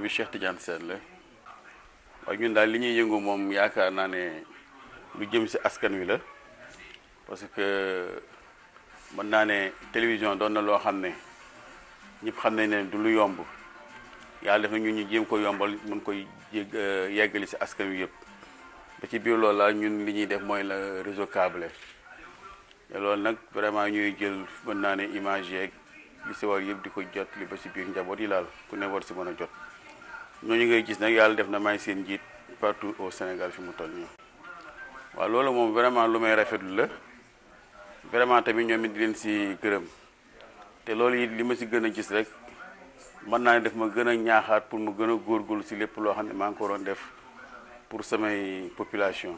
bi Cheikh Tidiane Sène la waaye ñun daal li ñuy yëngu moom yaakaar naa ne lu jëm si askan wi la parce que mën naa ne télévision doon na loo xam ne ñëpp xam nañ ne du lu yomb yàlla def na ñu jéem ko yombal mën koy euh, yeggale si askan wi yëpp ba ci biir loolu la ñun li ñuy def mooy la réseau câble te loolu nag vraiment ñuy jël mën naa ne image yeeg li si war yëpp di ko jot li ba si biir njaboot yi laal ku ne war si mën a jot ñooñu ngay gis nag yàlla def na may seen njiit partout au Sénégal fi mu toll nii waaw loolu moom vraiment lu may rafet lu la vraiment tamit ñoom di leen si gërëm te loolu it li ma si gën a gis rek mën naa def ma gën a ñaaxaat pour mu gën a góor góorgóorlu si lépp loo xam ne maa ngi ko doon def pour samay population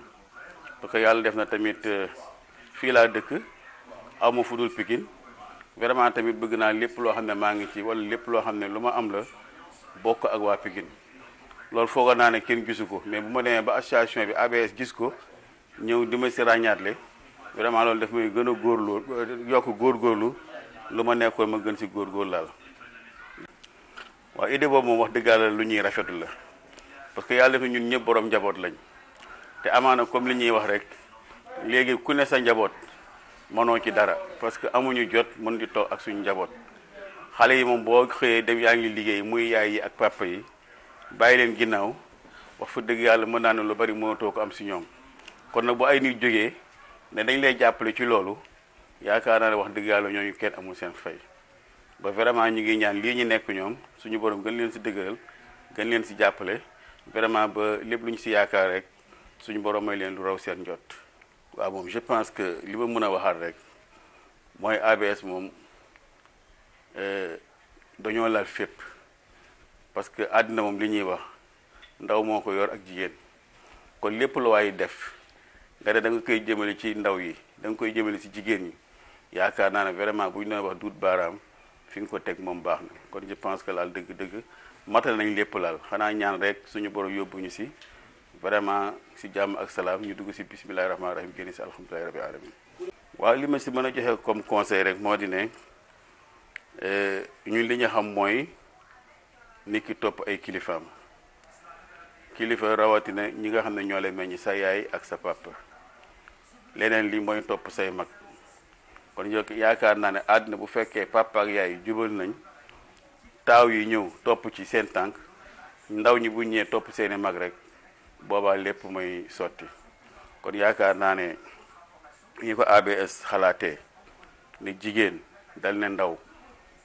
parce que yàlla def na tamit euh, fii laa dëkk aw ma fudul Pikine vraiment tamit bëgg naa lépp loo xam ne maa ngi ci wala lépp loo xam ne lu ma am la bokk ak waa Pikine loolu fooga naa ne kenn gisu ko mais bu ma demee ba association bi ABS gis ko ñëw di ma si ràññaatle vraiment loolu daf may gën a góorloo yokk góorgóorlu lu ma nekkoon ma gën si góor góor laal waaw idée boobu moom wax dëgg yàlla lu ñuy rafetu la parce que yàlla def ñun ñëpp borom njaboot lañ te amaana comme li ñuy wax rek léegi ku ne sa njaboot mënoo ci dara parce que amuñu jot mën di toog ak suñu njaboot xale yi moom boo xëyee dem yaa ngi liggéey muy yaay yi ak papa yi bàyyi leen ginnaaw wax fa dëgg yàlla mën naa ne lu bari mënatoo ko am si ñoom kon nag bu ay nit jógee ne dañ lay jàppale ci loolu yaakaar naa ne wax dëgg yàlla ñooñu kenn amul seen fay ba vraiment ñu ngi ñaan lii ñu nekk ñoom suñu borom gën leen si dëgëral gën leen si jàppale vraiment ba lépp lu ñu si yaakaar rek suñu borom may leen lu raw seen njot waaw moom je pense que li ma mën a waxaat rek Euh, dañoo laal fépp parce que àddina moom li ñuy wax ndaw moo ko yor ak jigéen kon lépp lu waaye def nga ne da nga koy jëmale ci ndaw yi da koy jëmale ci jigéen ñi yaakaar naa ne vraiment bu ñu doon wax duut baaraam fi nga ko teg moom baax na kon je pense que laal dëgg-dëgg matal nañ lépp laal xanaa ñaan rek suñu borom yóbbuñu si vraiment si jàmm ak salaam ñu dugg si bisimilahi rahmaani rahim génn si alhamdulilahi rabi alamin waa li ma si mën a joxe comme conseil rek moo di ne Euh, ñu li ñu xam mooy nit ki topp ay kilifaam kilifa rawatina ñi nga xam ne ñoo lay meññ sa yaay ak sa papa leneen li mooy topp say mag kon yo yaakaar naa ne àddina bu fekkee papa ak yaay jubal nañ taaw yi ñëw topp ci seen tànk ndaw ñi bu ñëwee topp seeni mag rek boobaa lépp mooy sotti kon yaakaar naa ne ñu ko ABS xalaatee ni jigéen dal ne ndaw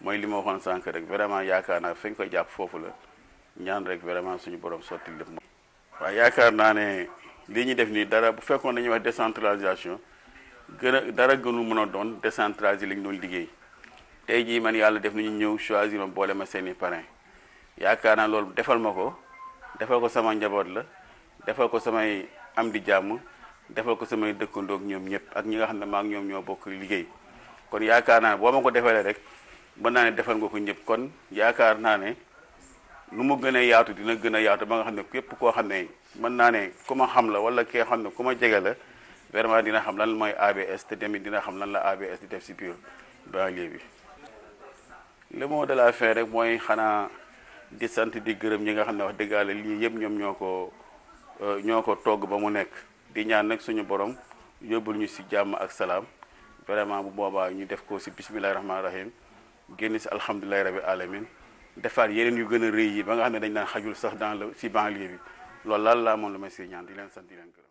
mooy li ma waxoon sànq rek vraiment yaakaar naa fi ñu jàpp foofu la ñaan rek vraiment suñu borom sotti lépp. waaw yaakaar naa ne li ñu def nii dara bu fekkoon dañuy wax décentralisation gën dara gënu mën a doon décentraliser li ñu doon liggéey tey jii man yàlla def nañu ñëw choisir ma boole ma seen i yaakaar naa loolu defal ma ko defal ko sama njaboot la defal ko samay am di jàmm defal ko samay dëkkandoog ñoom ñëpp ak ñi nga xam ne maa ak ñoom ñoo bokk liggéey kon yaakaar boo ma ko defalee rek. ba naa ne defal nga ko ñëpp kon yaakaar naa ne nu mu gën a yaatu dina gën a yaatu ba nga xam ne yëpp koo xam ne mën naa ne ku ma xam la wala kee xam ne ku ma jege la vraiment dina xam lan mooy ABS te tamit dina xam lan la ABS di def si biir banlieue bi le mot de la fin rek mooy xanaa di sant di gërëm ñi nga xam ne wax dëggaale lii yëpp ñoom ñoo ko euh, ñoo ko togg ba mu nekk di ñaan nag suñu borom yóbbul ñu si jàmm ak salaam vraiment bu boobaa ñu def ko si bisimilah rahmaani génn si alhamdulilahi rabi alamin defaat yeneen yu gën a rëy yi ba nga xam ne dañ daan xajul sax dans le si banlieue bi loolu laal laa moom la may si ñaan di leen sant di leen gërëm